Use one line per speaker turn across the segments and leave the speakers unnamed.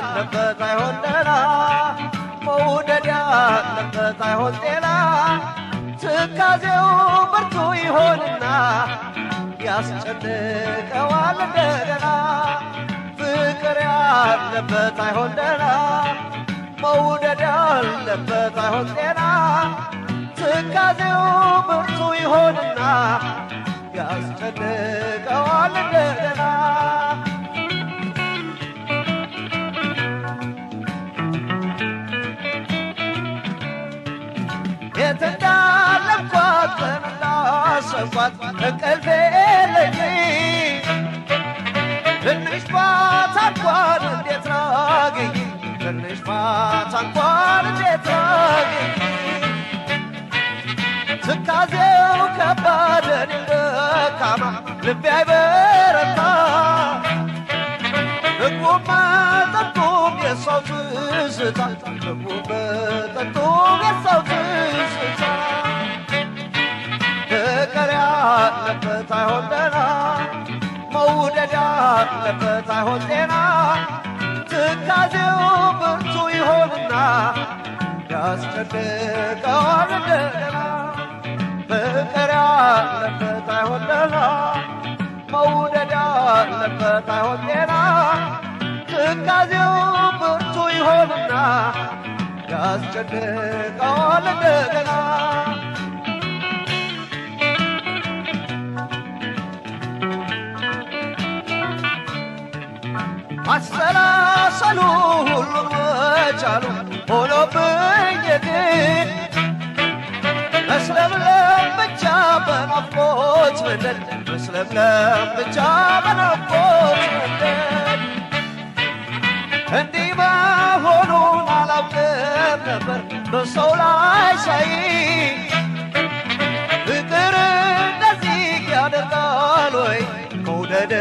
ያለበት አይሆን ደና መውደድ ያለበት አይሆን ጤና ትካዜው ብርቱ ይሆንና ያስጨንቀዋል እንደገና ፍቅር ያለበት አይሆን ደና መውደድ ያለበት አይሆን ጤና ትካዜው ብርቱ ይሆንና የት እንዳለኳት እንዳሰብኳት እንቅልፌ የለኝ ትንሽ ፋታ እንኳን እንዴት ላግኝ ትንሽ ፋታ እንኳን እንዴት ላግኝ ትካዜው ከባድ እኔ ደካማ ልቤ አይበረታ ምግቡም መጠጡም የሰው ትዝታ ምግቡም መጠጡም የሰው ትዝታ አለበት አይሆን ደና መውደድ አለበት አይሆን ጤና ትካዜው ብርቱ ይሆንና ያስጨንቀዋል እንደገና ፍቅር ያለበት አይሆን ደና መውደድ አለበት አይሆን ጤና ትካዜው ብርቱ ይሆንና ያስጨንቀዋል እንደገና አሰላሰሉ ሁሉም መቻሉ ሆኖብኝ ግን ብቻ በናፍቆት መደል መስለምለም ብቻ በናፍቆት መደል እንዲህ መሆኑን አላውቅም ነበር በሰው ላይ ሳይ ፍቅር እንደዚህ ያደርጋል ወይ መውደድ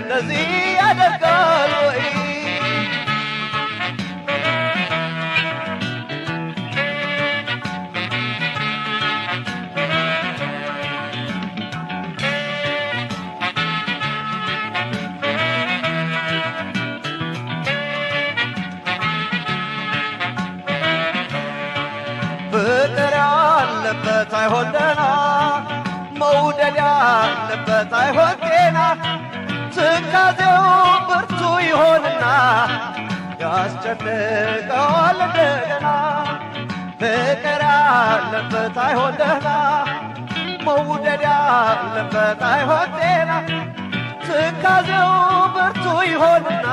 እንደዚህ አይሆን ደና መውደድ ያለበት አይሆን ጤና ትካዜው ብርቱ ይሆንና ያስጨንቀዋል እንደገና ፍቅር ያለበት አይሆን ደና መውደድ ያለበት አይሆን ጤና ትካዜው ብርቱ ይሆንና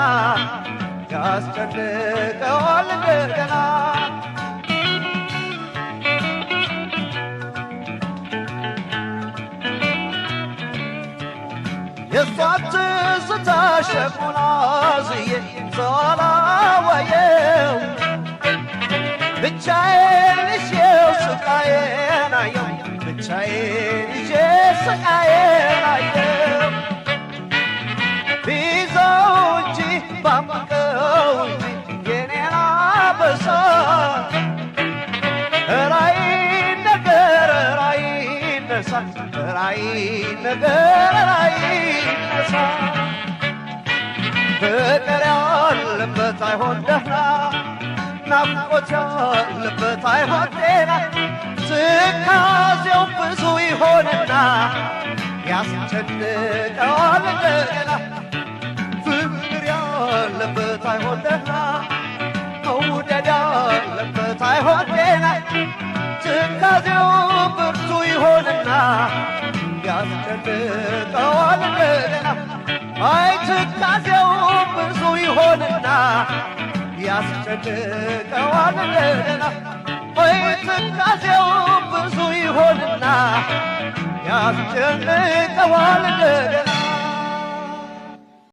ያስጨንቀዋል እንደገና የእሷ ትዝታ ሸጉላ ዝዬ ሰው አላዋየው ብቻዬን ይዤው ስቃዬን አየው ብቻዬን ይዤ ስቃዬን አየው ቢይዘው እንጂ ባምቀው እንጂ የኔን አበሳ ራይ ነገር ራይ ነሳ ራይ ነገር ይነሳ ፍቅር ያለበት አይሆን ደህና ናፍቆት ያለበት አይሆን ጤና ትካዜው ብዙ ይሆንና ያስጨንቀዋል እንደገና ፍቅር ያለበት አይሆን ደህና ይሰጠዋልና አይ ትካዜው ብዙ ይሆንና ያስጨንቀዋልና ወይ ትካዜው ብዙ ይሆንና